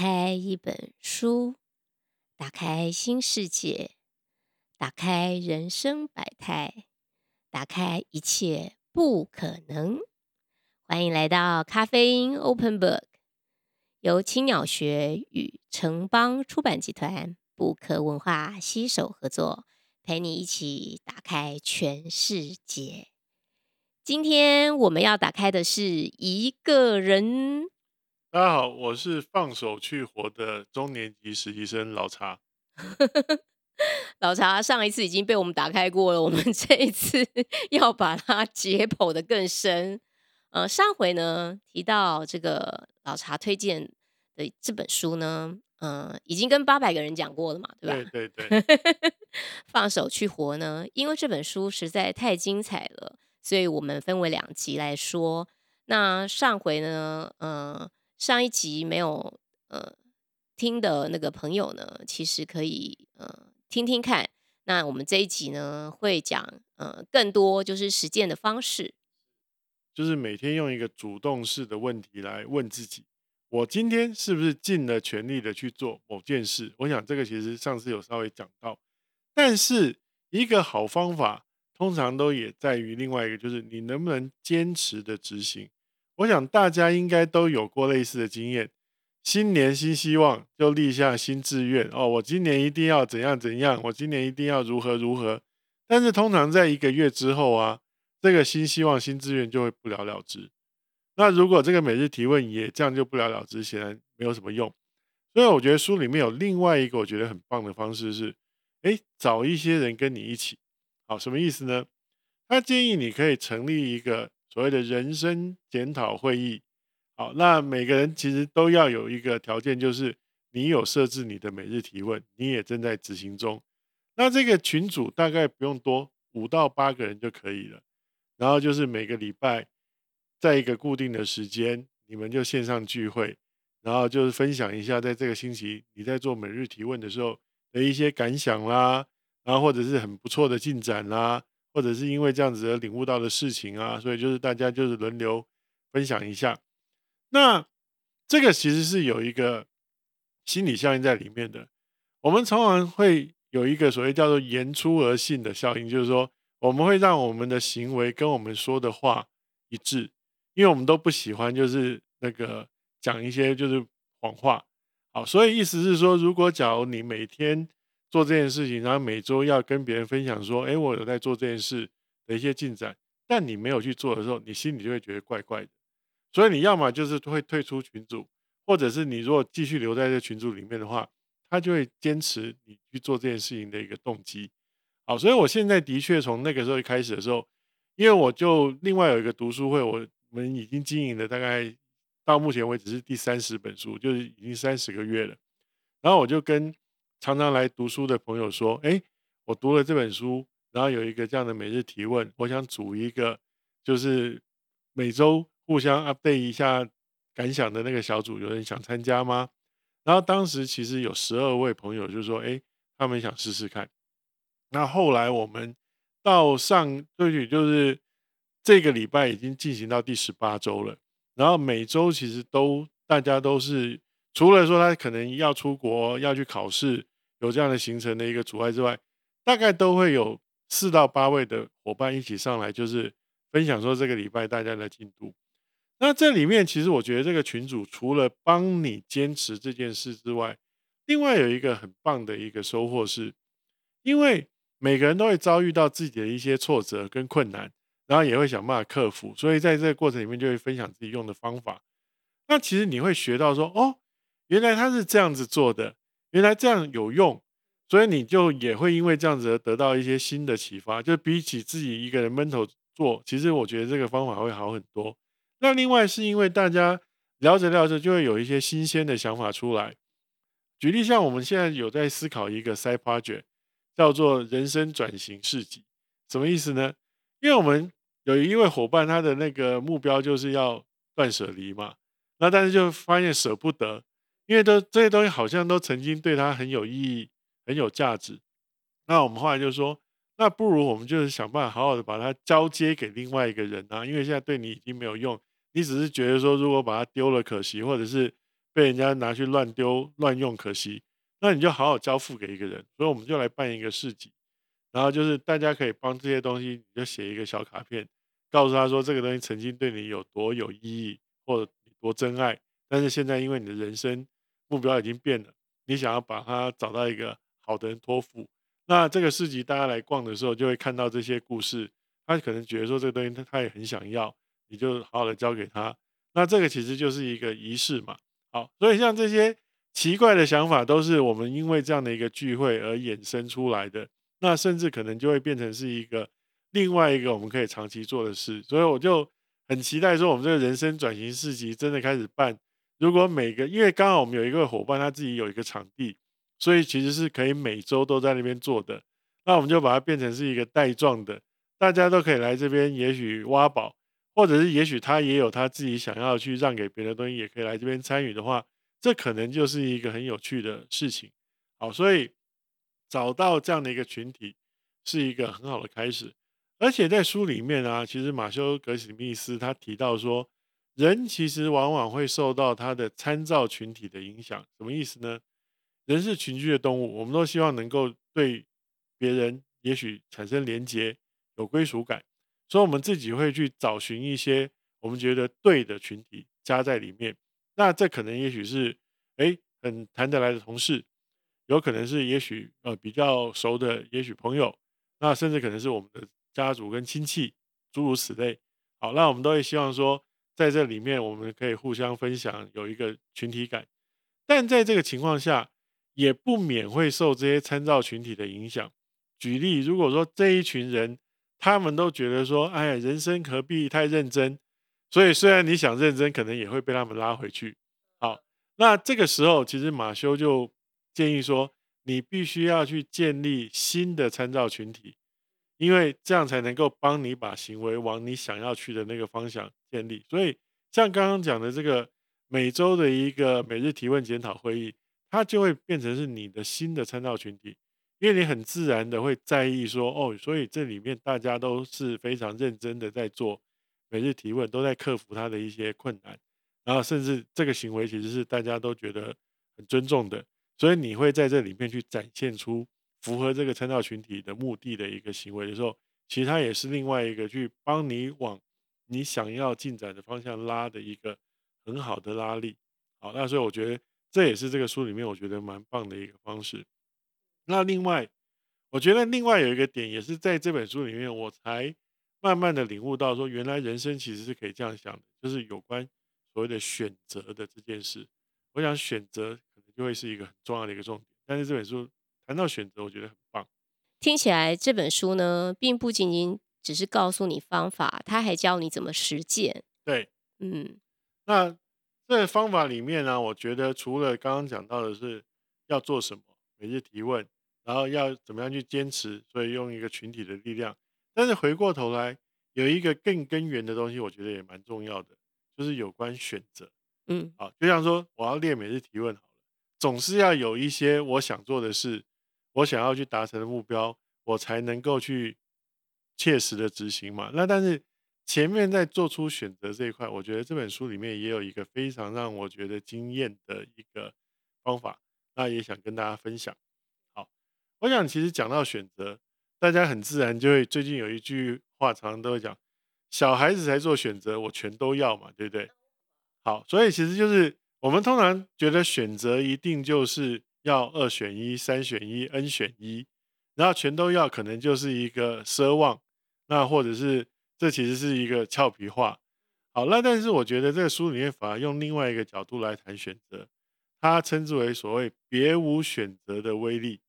開一本書，打開新世界，打開人生百態，打開一切不可能。歡迎來到咖啡因 Open Book，由青鳥學與城邦出版集團、布克文化攜手合作，陪你一起打開全世界。今天我們要打開的是一個人。大家好，我是放手去活的中年級實習生老查。 老查上一次已經被我們打開過了，我們這一次要把它解剖得更深。呃，上回呢，提到這個老查推薦的這本書呢，嗯、呃，已經跟八百個人講過了嘛，對吧？對對對。 放手去活呢，因為這本書實在太精彩了，所以我們分為兩集來說。那上回呢，呃上一集沒有呃聽的那個朋友呢，其實可以呃聽聽看。那我們這一集呢，會講呃更多就是實踐的方式，就是每天用一個主動式的問題來問自己：我今天是不是盡了全力的去做某件事？我想這個其實上次有稍微講到，但是一個好方法通常都也在於另外一個，就是你能不能堅持的執行。我想大家應該都有過類似的經驗，新年新希望就立下新志願哦，我今年一定要怎樣怎樣，我今年一定要如何如何。但是通常在一個月之後啊，這個新希望、新志願就會不了了之。那如果這個每日提問也這樣就不了了之，顯然沒有什麼用。所以我覺得書裡面有另外一個我覺得很棒的方式是，誒，找一些人跟你一起，好，什麼意思呢？他建議你可以成立一個。所謂的人生檢討會議，好，那每個人其實都要有一個條件，就是你有設置你的每日提問，你也正在執行中。那這個群組大概不用多，五到八個人就可以了。然後就是每個禮拜在一個固定的時間，你們就線上聚會，然後就是分享一下在這個星期你在做每日提問的時候的一些感想啦，然後或者是很不錯的進展啦，或者是因為這樣子而領悟到的事情啊，所以就是大家就是輪流分享一下。那這個其實是有一個心理效應在裡面的。我們常常會有一個所謂叫做言出而信的效應，就是說我們會讓我們的行為跟我們說的話一致，因為我們都不喜歡就是那個講一些就是謊話。好，所以意思是說，如果假如你每天。做這件事情，然後每周要跟別人分享說：“誒，我有在做這件事的一些進展。”但你沒有去做的時候，你心裡就會覺得怪怪的。所以你要麼就是會退出群組，或者是你如果繼續留在這群組裡面的話，他就會堅持你去做這件事情的一個動機。好，所以我現在的確從那個時候開始的時候，因為我就另外有一個讀書會，我我們已經經營了大概到目前為止是第三十本書，就是已經三十個月了。然後我就跟。常常來讀書的朋友說：“哎，我讀了這本書，然後有一個這樣的每日提問，我想組一個，就是每周互相 update 一下感想的那個小組，有人想參加嗎？”然後當時其實有十二位朋友就說：“哎，他們想試試看。”那後，後來我們到上，或許就是這個禮拜已經進行到第十八周了。然後每周其實都大家都是除了說他可能要出國要去考試，有這樣的形成的一個阻礙之外，大概都會有四到八位的夥伴一起上來，就是分享說這個禮拜大家的進度。那這裡面其實我覺得這個群主除了幫你堅持這件事之外，另外有一個很棒的一個收穫是，因為每個人都會遭遇到自己的一些挫折跟困難，然後也會想辦法克服，所以在這個過程裡面就會分享自己用的方法。那其實你會學到說，哦，原來他是這樣子做的。原來這樣有用，所以你就也會因為這樣子而得到一些新的啟發。就比起自己一個人悶頭做，其實我覺得這個方法會好很多。那另外是因為大家聊着聊着就會有一些新鮮的想法出來。舉例像我們現在有在思考一個 side project，叫做“人生轉型市集”，什麼意思呢？因為我們有一位伙伴，他的那個目標就是要斷捨離嘛，那但是就發現捨不得。因為都這些東西好像都曾經對他很有意義、很有價值。那我們後來就說，那不如我們就是想辦法好好的把它交接給另外一個人啊。因為現在對你已經沒有用，你只是覺得說，如果把它丟了可惜，或者是被人家拿去亂丟、亂用可惜，那你就好好交付給一個人。所以我們就來辦一個市集，然後就是大家可以幫這些東西，你就寫一個小卡片，告訴他說這個東西曾經對你有多有意義，或者有多珍愛，但是現在因為你的人生。目標已經變了，你想要把他找到一個好的人托付。那這個市集大家來逛的時候，就會看到這些故事。他可能覺得說，這個東西他他也很想要，你就好好的交給他。那這個其實就是一個儀式嘛。好，所以像這些奇怪的想法，都是我們因為這樣的一個聚會而衍生出來的。那甚至可能就會變成是一個另外一個我們可以長期做的事。所以我就很期待說，我們這個人生轉型市集真的開始辦。如果每個，因為剛好我們有一個夥伴，他自己有一個場地，所以其實是可以每周都在那邊做的。那我們就把它變成是一個帶狀的，大家都可以來這邊，也許挖寶，或者是也許他也有他自己想要去讓給別的東西，也可以來這邊參與的話，這可能就是一個很有趣的事情。好，所以找到這樣的一個群體是一個很好的開始。而且在書裡面啊，其實馬修葛史密斯他提到說。人其實往往會受到他的參照群體的影響，什麼意思呢？人是群居的動物，我們都希望能夠對別人也許產生連接、有歸屬感，所以我們自己會去找尋一些我們覺得對的群體加在裡面。那這可能也許是，哎，很談得來的同事，有可能是也許呃比較熟的也許朋友，那甚至可能是我們的家族跟親戚，諸如此類。好，那我們都會希望說。在這裡面，我們可以互相分享，有一個群體感，但在這個情況下，也不免會受這些參照群體的影響。舉例，如果說這一群人他們都覺得說，哎，人生何必太認真？所以雖然你想認真，可能也會被他們拉回去。好，那這個時候，其實馬修就建議說，你必須要去建立新的參照群體，因為這樣才能夠幫你把行為往你想要去的那個方向。建立，所以像剛剛講的這個每周的一個每日提問檢討會議，它就會變成是你的新的參照群體，因為你很自然的會在意說，哦，所以這裡面大家都是非常認真的在做每日提問，都在克服他的一些困難，然後甚至這個行為其實是大家都覺得很尊重的，所以你會在這裡面去展現出符合這個參照群體的目的的一個行為的時候，其實它也是另外一個去幫你往。你想要進展的方向拉的一個很好的拉力，好，那所以我覺得這也是這個書裡面我覺得蠻棒的一個方式。那另外，我覺得另外有一個點也是在這本書裡面我才慢慢的領悟到，說原來人生其實是可以這樣想的，就是有關所謂的選擇的這件事。我想選擇可能就會是一個很重要的一個重點，但是這本書談到選擇，我覺得很棒。聽起來這本書呢，並不僅僅。只是告訴你方法，他還教你怎麼實踐。對，嗯，那這方法裡面呢，啊，我覺得除了剛剛講到的是要做什麼，每日提問，然後要怎麼樣去堅持，所以用一個群體的力量。但是回過頭來，有一個更根源的東西，我覺得也蠻重要的，就是有關選擇。嗯，好，就像說我要練每日提問，好了，總是要有一些我想做的事，我想要去達成的目標，我才能夠去。切實的執行嘛，那但是前面在做出選擇這一塊，我覺得這本書裡面也有一個非常讓我覺得驚艷的一個方法，那也想跟大家分享。好，我想其實講到選擇，大家很自然就會最近有一句話，常常都會講，小孩子才做選擇，我全都要嘛，對不對？好，所以其實就是我們通常覺得選擇一定就是要二選一、三選一、N 選一，然後全都要，可能就是一個奢望。那或者是，是這其實是一個俏皮話。好，那但是我覺得這個書裡面反而用另外一個角度來談選擇，他稱之為所謂“別無選擇”的威力。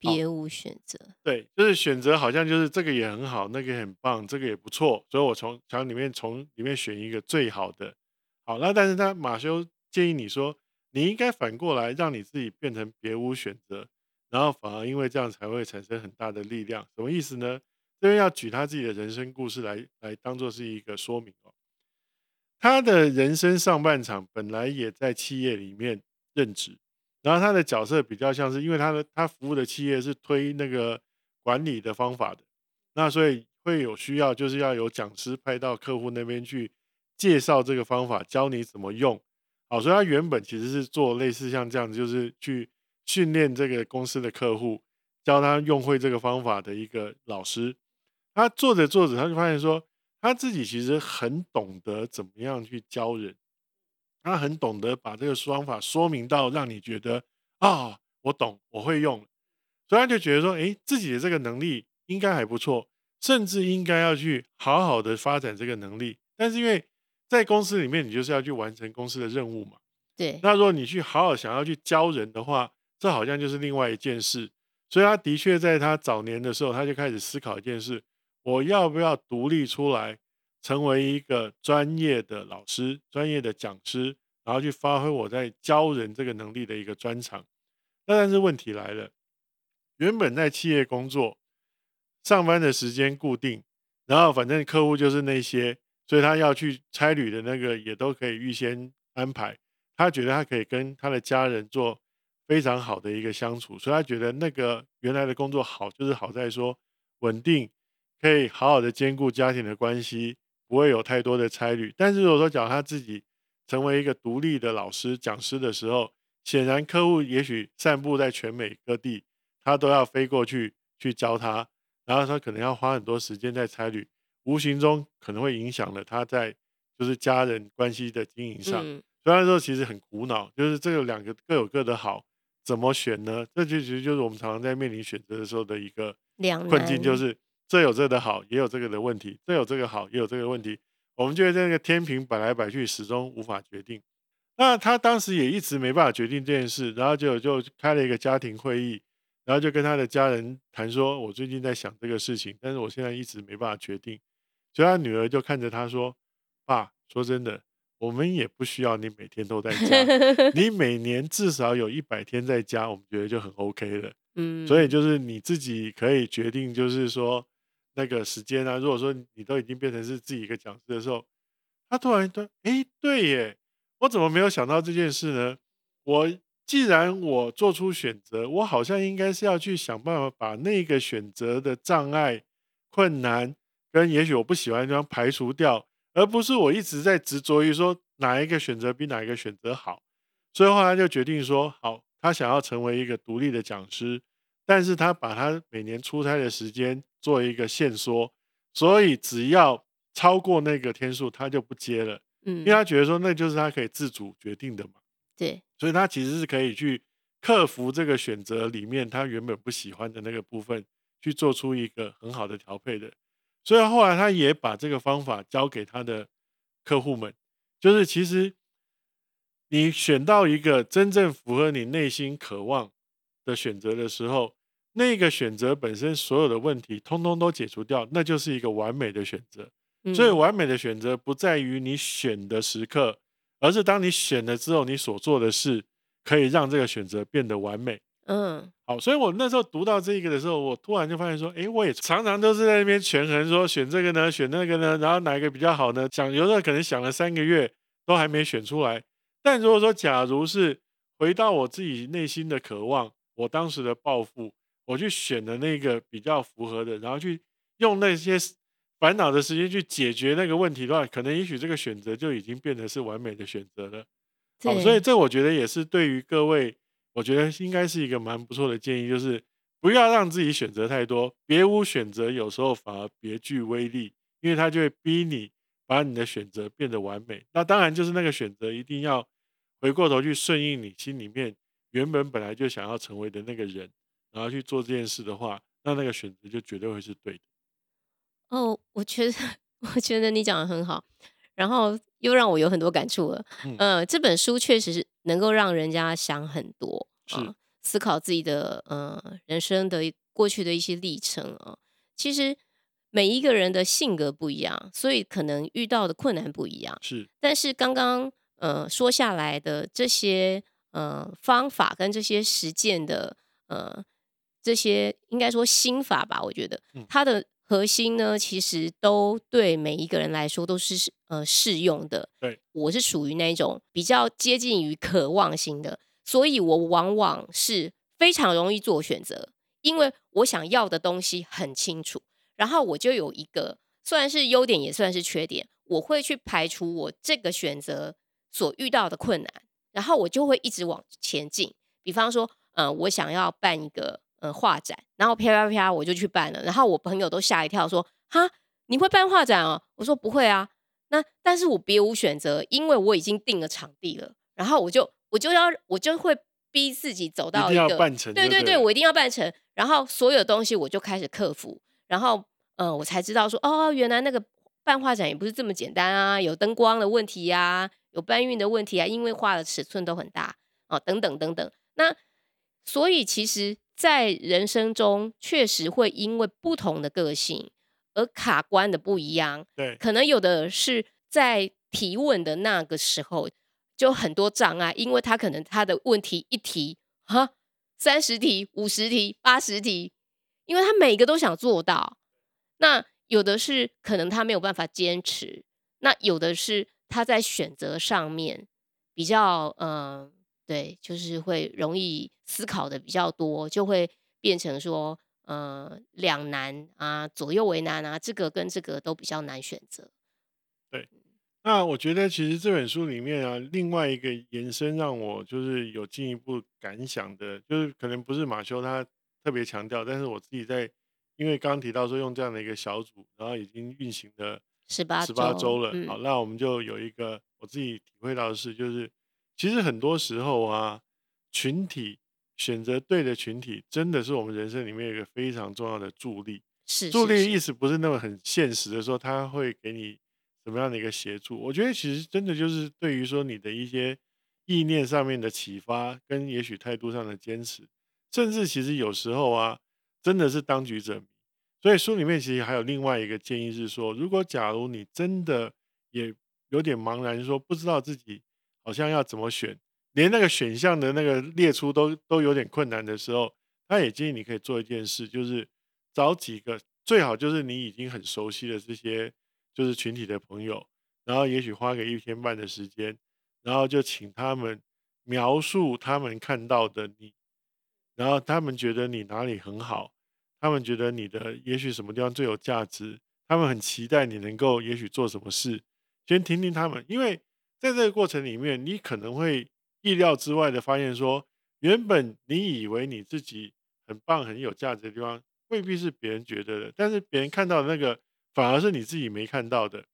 別無選擇，對，就是選擇好像就是這個也很好，那個也很棒，這個也不錯，所以我從想裡面從裡面選一個最好的。好，那但是他馬修建議你說，你應該反過來讓你自己變成別無選擇，然後反而因為這樣才會產生很大的力量。什麼意思呢？這邊要舉他自己的人生故事來來當做是一個說明哦，他的人生上半場本來也在企業裡面任職，然後他的角色比較像是因為他的，他服務的企業是推那個管理的方法的，那所以會有需要，就是要有講師派到客戶那邊去介紹這個方法，教你怎麼用。好，所以他原本其實是做類似像這樣子，就是去訓練這個公司的客戶，教他用會這個方法的一個老師。他做着做着，他就發現說，他自己其實很懂得怎麼樣去教人，他很懂得把這個方法說明到讓你覺得啊、哦，我懂，我會用，所以他就覺得說，誒，自己的這個能力應該還不錯，甚至應該要去好好的發展這個能力。但是因為在公司裡面，你就是要去完成公司的任務嘛，對。那如果你去好好想要去教人的話，這好像就是另外一件事。所以他的確在他早年的時候，他就開始思考一件事。我要不要獨立出來，成為一個專業的老師、專業的講師，然後去發揮我在教人這個能力的一個專長？那但是問題來了，原本在企業工作，上班的時間固定，然後反正客戶就是那些，所以他要去差旅的那個也都可以預先安排。他覺得他可以跟他的家人做非常好的一個相處，所以他覺得那個原來的工作好，就是好在說穩定。可以好好的兼顧家庭的關係，不會有太多的差旅。但是如果說，假如他自己成為一個獨立的老師、講師的時候，顯然客戶也許散布在全美各地，他都要飛過去去教他，然後他可能要花很多時間在差旅，無形中可能會影響了他在就是家人關係的經營上。嗯、雖然說其實很苦惱，就是這個兩個各有各的好，怎麼選呢？這其實就是我們常常在面臨選擇的時候的一個困境，就是。這有這個的好，也有這個的問題；這有這個好，也有這個問題。我們就在那個天平擺來擺去，始終無法決定。那他當時也一直沒辦法決定這件事，然後就就開了一個家庭會議，然後就跟他的家人談說：“我最近在想這個事情，但是我現在一直沒辦法決定。”所以，他女兒就看着他說：“爸，說真的，我們也不需要你每天都在家， 你每年至少有一百天在家，我們覺得就很 OK 了。嗯，所以就是你自己可以決定，就是說。”那個時間啊，如果說你都已經變成是自己一個講師的時候，他突然一頓，哎，對耶，我怎麼沒有想到這件事呢？我既然我做出選擇，我好像應該是要去想辦法把那個選擇的障礙、困難跟也許我不喜歡這樣排除掉，而不是我一直在執着於說哪一個選擇比哪一個選擇好。所以後來就決定說，好，他想要成為一個獨立的講師，但是他把他每年出差的時間。做一個限縮，所以只要超過那個天數，他就不接了。嗯，因為他覺得說那就是他可以自主決定的嘛。對，所以他其實是可以去克服這個選擇裡面他原本不喜歡的那個部分，去做出一個很好的調配的。所以後來他也把這個方法交給他的客戶們，就是其實你選到一個真正符合你內心渴望的選擇的時候。那個選擇本身所有的問題，通通都解除掉，那就是一個完美的選擇。嗯，所以，完美的選擇不在於你選的時刻，而是當你選了之後，你所做的事可以讓這個選擇變得完美。嗯，好，所以我那時候讀到這個的時候，我突然就發現說，欸，我也常常都是在那邊權衡說，說選這個呢，選那個呢，然後哪一個比較好呢？講有的可能想了三個月都還沒選出來。但如果說，假如是回到我自己內心的渴望，我當時的抱負。我去選的那個比較符合的，然後去用那些煩惱的時間去解決那個問題的話，可能也許這個選擇就已經變成是完美的選擇了。好，哦，所以這我覺得也是對於各位，我覺得應該是一個蠻不錯的建議，就是不要讓自己選擇太多，別無選擇有時候反而別具威力，因為他就會逼你把你的選擇變得完美。那當然就是那個選擇一定要回過頭去順應你心裡面原本本來就想要成為的那個人。然後去做這件事的話，那那個選擇就絕對會是對的。哦，我覺得，我覺得你講得很好，然後又讓我有很多感觸了。嗯，呃、這本書確實是能夠讓人家想很多，呃、是思考自己的呃人生的過去的一些歷程啊、呃。其實每一個人的性格不一樣，所以可能遇到的困難不一樣。是，但是剛剛嗯、呃、說下來的這些呃方法跟這些實踐的呃。這些應該說心法吧，我覺得它的核心呢，其實都對每一個人來說都是呃適用的。對，我是屬於那種比較接近於渴望型的，所以我往往是非常容易做選擇，因為我想要的東西很清楚，然後我就有一個，雖然是優點也算是缺點，我會去排除我這個選擇所遇到的困難，然後我就會一直往前進。比方說，嗯，我想要辦一個。嗯，畫展，然後啪啪啪啪，我就去辦了。然後我朋友都嚇一跳，說：“哈，你會辦畫展哦？”我說：“不會啊。”那但是我別無選擇，因為我已經定了場地了。然後我就我就要我就會逼自己走到一個一對，對，對對對，我一定要辦成。然後所有東西我就開始克服。然後，嗯，我才知道說，哦，原來那個辦畫展也不是這麼簡單啊，有燈光的問題呀，有搬運的問題啊，因為畫的尺寸都很大啊，哦，等等等等。那所以其實。在人生中，確實會因為不同的個性而卡關的不一樣。對，可能有的是在提問的那個時候就很多障礙，因為他可能他的問題一提，哈，三十題、五十題、八十題，因為他每個都想做到。那有的是可能他沒有辦法堅持，那有的是他在選擇上面比較嗯。呃對，就是會容易思考的比較多，就會變成說，呃，兩難啊，左右為難啊，這個跟這個都比較難選擇。對，那我覺得其實這本書裡面啊，另外一個延伸讓我就是有進一步感想的，就是可能不是馬修他特別強調，但是我自己在，因為剛剛提到說用這樣的一個小組，然後已經運行了十八週了。嗯，好，那我們就有一個我自己體會到的是，就是。其實很多時候啊，群體選擇對的群體真的是我們人生裡面一個非常重要的助力。是，是，是，助力的意思不是那麼很現實的說，他會給你什麼樣的一個協助？我覺得其實真的就是對於說你的一些意念上面的啟發，跟也許態度上的堅持，甚至其實有時候啊，真的是當局者迷。所以書裡面其實還有另外一個建議是說，如果假如你真的也有點茫然說，說不知道自己。好像要怎麼選，連那個選項的那個列出都都有點困難的時候，他也建議你可以做一件事，就是找幾個最好就是你已經很熟悉的這些就是群體的朋友，然後也許花個一天半的時間，然後就請他們描述他們看到的你，然後他們覺得你哪裡很好，他們覺得你的也許什麼地方最有價值，他們很期待你能夠也許做什麼事，先聽聽他們，因為。在這個過程裡面，你可能會意料之外的發現說，說原本你以為你自己很棒、很有價值的地方，未必是別人覺得的。但是別人看到的那個，反而是你自己沒看到的。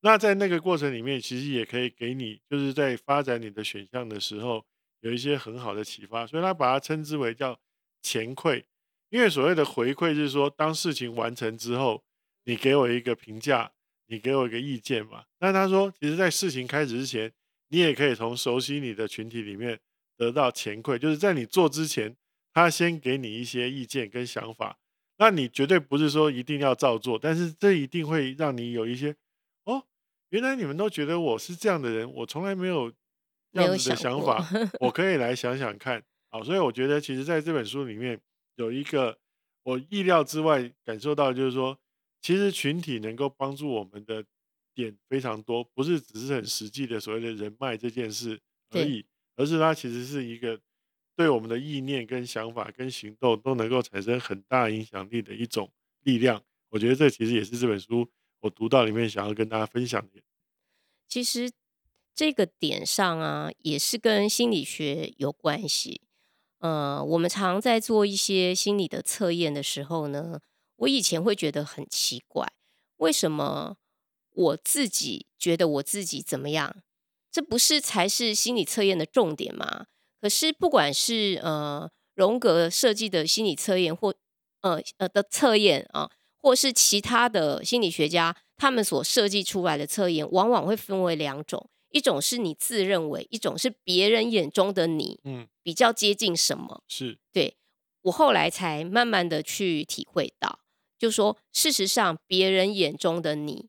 那在那個過程裡面，其實也可以給你，就是在發展你的選項的時候，有一些很好的啟發。所以他把它稱之為叫前饋，因為所謂的回饋是說，當事情完成之後，你給我一個評價。你給我一個意見嘛。但他說，其實，在事情開始之前，你也可以從熟悉你的群體裡面得到前饋，就是在你做之前，他先給你一些意見跟想法。那你絕對不是說一定要照做，但是這一定會讓你有一些哦，原來你們都覺得我是這樣的人，我從來沒有這樣子的想法，想 我可以來想想看啊。所以我覺得，其實在這本書裡面有一個我意料之外感受到，就是說，其實群體能夠幫助我們的點非常多，不是只是很實際的所謂的人脈這件事而已，而是它其實是一個對我們的意念、跟想法、跟行動都能夠產生很大影響力的一種力量。我覺得這其實也是這本書我讀到裡面想要跟大家分享的。其實這個點上啊，也是跟心理學有關係。呃，我們常在做一些心理的測驗的時候呢。我以前會覺得很奇怪，為什麼我自己覺得我自己怎麼樣？這不是才是心理測驗的重點嗎？可是不管是呃榮格設計的心理測驗或，或呃呃的測驗啊、呃，或是其他的心理學家他們所設計出來的測驗，往往會分為兩種：一種是你自認為，一種是別人眼中的你。嗯，比較接近什麼？是。對，我後來才慢慢的去體會到。就說，事實上，別人眼中的你，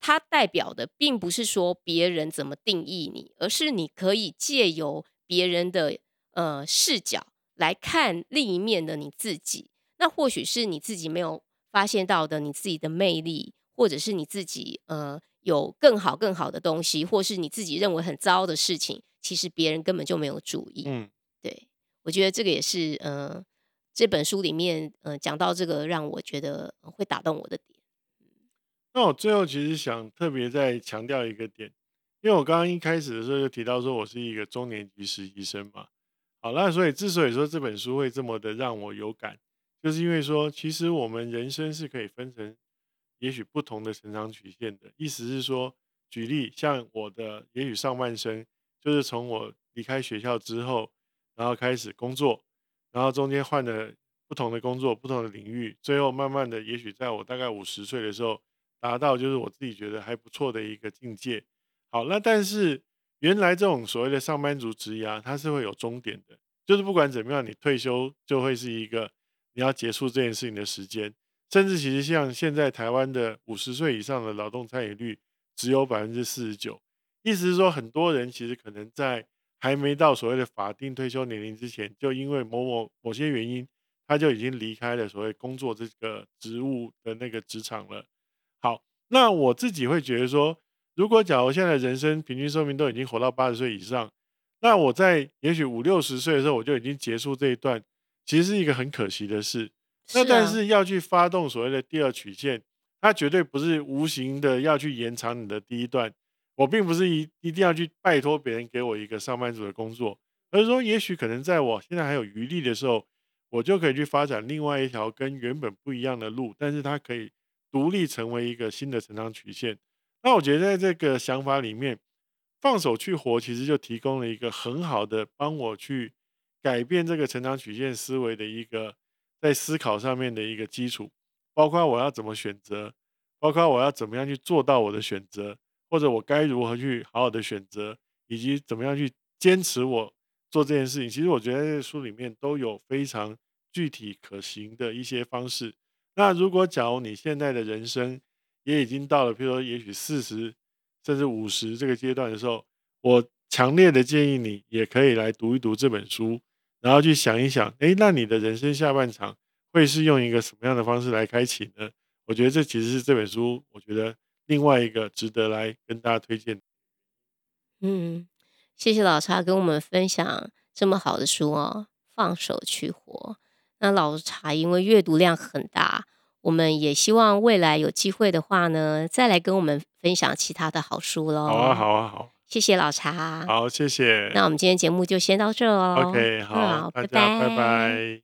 它代表的並不是說別人怎麼定義你，而是你可以借由別人的呃視角來看另一面的你自己。那或許是你自己沒有發現到的你自己的魅力，或者是你自己呃有更好更好的東西，或是你自己認為很糟的事情，其實別人根本就沒有注意。嗯。對，我覺得這個也是呃。這本書裡面，嗯、呃，講到這個讓我覺得會打動我的點。那我最後其實想特別再強調一個點，因為我剛剛一開始的時候就提到說，我是一個中年級實習生嘛。好，好，那所以之所以說這本書會這麼的讓我有感，就是因為說，其實我們人生是可以分成也許不同的成長曲線的。意思是說，舉例像我的，也許上半生就是從我離開學校之後，然後開始工作。然後中間換了不同的工作、不同的領域，最後慢慢的，也許在我大概五十歲的時候，達到就是我自己覺得還不錯的一個境界。好，那但是原來這種所謂的上班族職涯，它是會有終點的，就是不管怎麼樣，你退休就會是一個你要結束這件事情的時間。甚至其實像現在台灣的五十歲以上的勞動參與率只有百分之四十九，意思是說很多人其實可能在。還沒到所謂的法定退休年齡之前，就因為某某某些原因，他就已經離開了所謂工作這個職務的那個職場了。好，那我自己會覺得說，如果假如現在的人生平均壽命都已經活到八十歲以上，那我在也許五六十歲的時候，我就已經結束這一段，其實是一個很可惜的事。那但是要去發動所謂的第二曲線，它絕對不是無形的要去延長你的第一段。我並不是一一定要去拜託別人給我一個上班族的工作，而是說，也許可能在我現在還有餘力的時候，我就可以去發展另外一條跟原本不一樣的路，但是它可以獨立成為一個新的成長曲線。那我覺得，在這個想法裡面，放手去活，其實就提供了一個很好的幫我去改變這個成長曲線思維的一個在思考上面的一個基礎，包括我要怎麼選擇，包括我要怎麼樣去做到我的選擇。或者我該如何去好好的選擇，以及怎麼樣去堅持我做這件事情？其實我覺得這個書裡面都有非常具體可行的一些方式。那如果假如你現在的人生也已經到了，比如說也許四十甚至五十這個階段的時候，我強烈的建議你也可以來讀一讀這本書，然後去想一想，誒，那你的人生下半場會是用一個什麼樣的方式來開啟呢？我覺得這其實是這本書，我覺得。另外一個值得來跟大家推薦，嗯，謝謝老查跟我們分享這麼好的書哦，《放手去活》。那老查因為閱讀量很大，我們也希望未來有機會的話呢，再來跟我們分享其他的好書嘍、啊。好啊，好啊，好，謝謝老查，好，謝謝。那我們今天節目就先到這哦。OK，好，好，拜拜，拜拜。